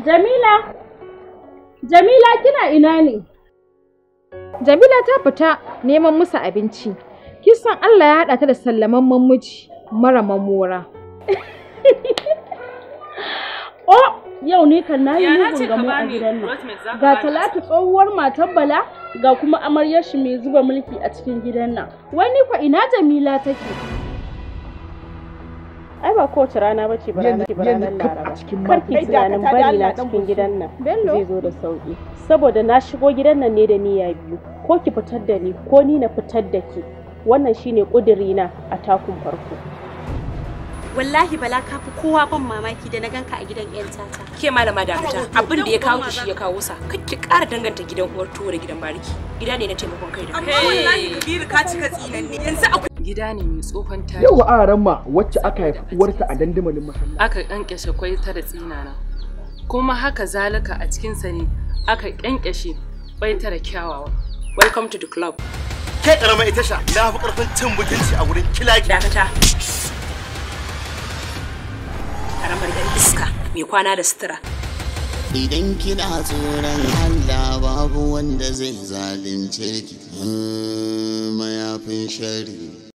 Jamila, Jamila kina ina ne? Jamila ta fita neman musu abinci. Kisan Allah ya haɗa ta da sallaman mammuci mara mamora. oh, yau ne kan nayi mugun gamo a gidan nan. Ga Talatu tsohuwar matan Bala ga kuma amaryar shi mai zuba mulki a cikin gidan nan. Wani kwa ina Jamila take? ai ba kowace rana ba ce ba ranar laraba karki tunanin bari na cikin gidan nan zai zo da sauki saboda na shigo gidan nan ne da niyya biyu ko ki fitar da ni ko ni na fitar da ki wannan shine na a takun farko wallahi bala ka fi kowa ban mamaki da na ganka a gidan yan tata ke malama fita abin da ya kawo ki shi ya kawo sa kake ƙara danganta gidan uwar tuwo da gidan bariki gida ne na taimakon kai da kai wallahi kabiru ka cika tsinanni yanzu akwai gida ne mai tsohon tarihi yau a ramma wacce aka haifi uwarta a dandamalin masallaci aka kankashe kwai tara tsinana kuma haka zalika a cikin sa ne aka kankashe kwai ta da kyawawa welcome to the club kai karama ita sha na fi karfin cin mutunci a wurin kilaki dakata karamar yan iska mai kwana da sutura idan kina tsoron Allah babu wanda zai zalunce ki hmm, mayafin shari